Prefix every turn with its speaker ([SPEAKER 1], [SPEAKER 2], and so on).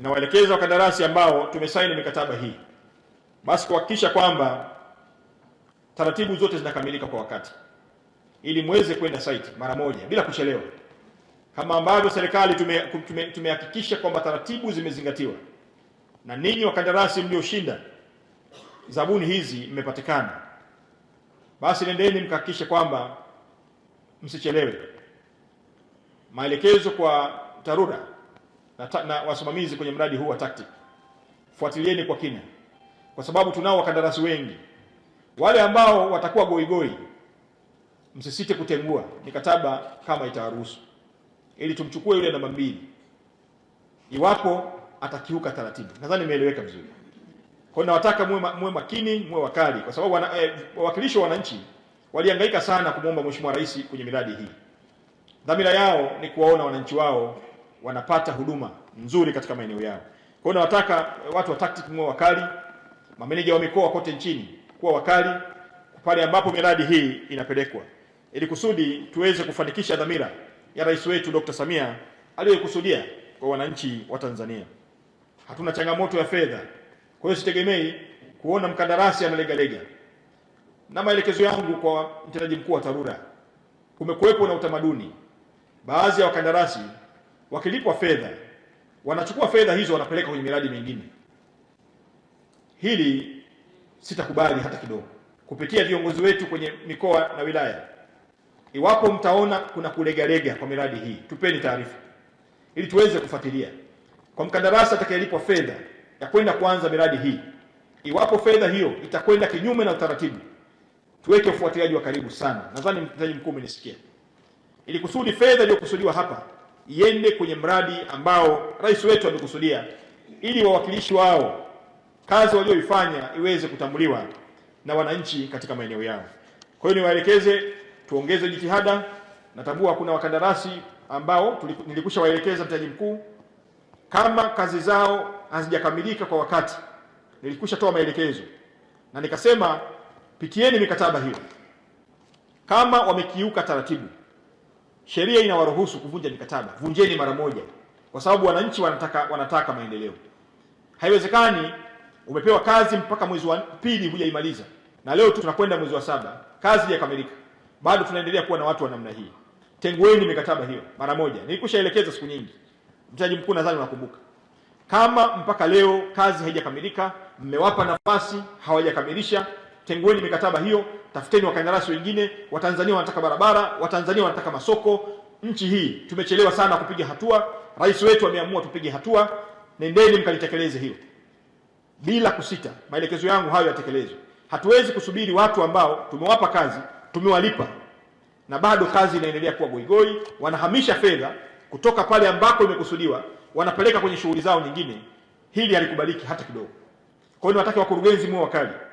[SPEAKER 1] Ninawaelekeza wakandarasi ambao tumesaini mikataba hii basi kuhakikisha kwamba taratibu zote zinakamilika kwa wakati ili muweze kwenda site mara moja bila kuchelewa, kama ambavyo serikali tumehakikisha tume, tume kwamba taratibu zimezingatiwa na ninyi wakandarasi mlioshinda zabuni hizi mmepatikana, basi nendeni mkahakikishe kwamba msichelewe. Maelekezo kwa TARURA na, na wasimamizi kwenye mradi huu wa TACTIC, fuatilieni kwa kina, kwa sababu tunao wakandarasi wengi. Wale ambao watakuwa goigoi, msisite kutengua mikataba kama itawaruhusu, ili tumchukue yule namba mbili iwapo atakiuka taratibu. Nadhani nimeeleweka vizuri. Kwa hiyo nawataka muwe, muwe makini, muwe wakali, kwa sababu eh, wawakilishi eh, wa wananchi walihangaika sana kumwomba Mheshimiwa Rais kwenye miradi hii. Dhamira yao ni kuwaona wananchi wao wanapata huduma nzuri katika maeneo yao. Kwa hiyo nawataka eh, watu wa TACTIC mwe wakali, mameneja wa mikoa kote nchini kuwa wakali pale ambapo miradi hii inapelekwa, ili kusudi tuweze kufanikisha dhamira ya rais wetu Dr. Samia aliyoikusudia kwa wananchi wa Tanzania. Hatuna changamoto ya fedha, kwa hiyo sitegemei kuona mkandarasi analegalega. Na maelekezo yangu kwa mtendaji mkuu wa TARURA, kumekuwepo na utamaduni baadhi ya wakandarasi wakilipwa fedha wanachukua fedha hizo wanapeleka kwenye miradi mingine. Hili sitakubali hata kidogo, kupitia viongozi wetu kwenye mikoa na wilaya. Iwapo mtaona kuna kulegalega kwa miradi hii, tupeni taarifa ili tuweze kufuatilia. Kwa mkandarasi atakayelipwa fedha ya kwenda kuanza miradi hii, iwapo fedha hiyo itakwenda kinyume na utaratibu, tuweke ufuatiliaji wa karibu sana. Nadhani mtendaji mkuu umenisikia, ili kusudi fedha iliyokusudiwa hapa iende kwenye mradi ambao rais wetu amekusudia, ili wawakilishi wao kazi walioifanya iweze kutambuliwa na wananchi katika maeneo yao. Kwa hiyo niwaelekeze, tuongeze jitihada. Natambua kuna wakandarasi ambao nilikusha waelekeza mtaji mkuu, kama kazi zao hazijakamilika kwa wakati, nilikusha toa maelekezo na nikasema, pitieni mikataba hiyo, kama wamekiuka taratibu sheria inawaruhusu kuvunja mikataba, vunjeni mara moja, kwa sababu wananchi wanataka, wanataka maendeleo. Haiwezekani umepewa kazi mpaka mwezi wa pili hujaimaliza, na leo tunakwenda mwezi wa saba, kazi haijakamilika, bado tunaendelea kuwa na watu wa namna hii. Tengueni mikataba hiyo mara moja. nilikushaelekeza siku nyingi, mtaji mkuu nadhani unakumbuka, kama mpaka leo kazi haijakamilika, mmewapa nafasi hawajakamilisha tengueni mikataba hiyo, tafuteni wakandarasi wengine. Watanzania wanataka barabara, Watanzania wanataka masoko. Nchi hii tumechelewa sana kupiga hatua. Rais wetu ameamua tupige hatua. Nendeni mkalitekeleze hilo bila kusita. Maelekezo yangu hayo yatekelezwe. Hatuwezi kusubiri watu ambao tumewapa kazi, tumewalipa na bado kazi inaendelea kuwa goigoi. Wanahamisha fedha kutoka pale ambako imekusudiwa, wanapeleka kwenye shughuli zao nyingine. Hili halikubaliki hata kidogo. Kwa hiyo niwatake wakurugenzi muwe wakali.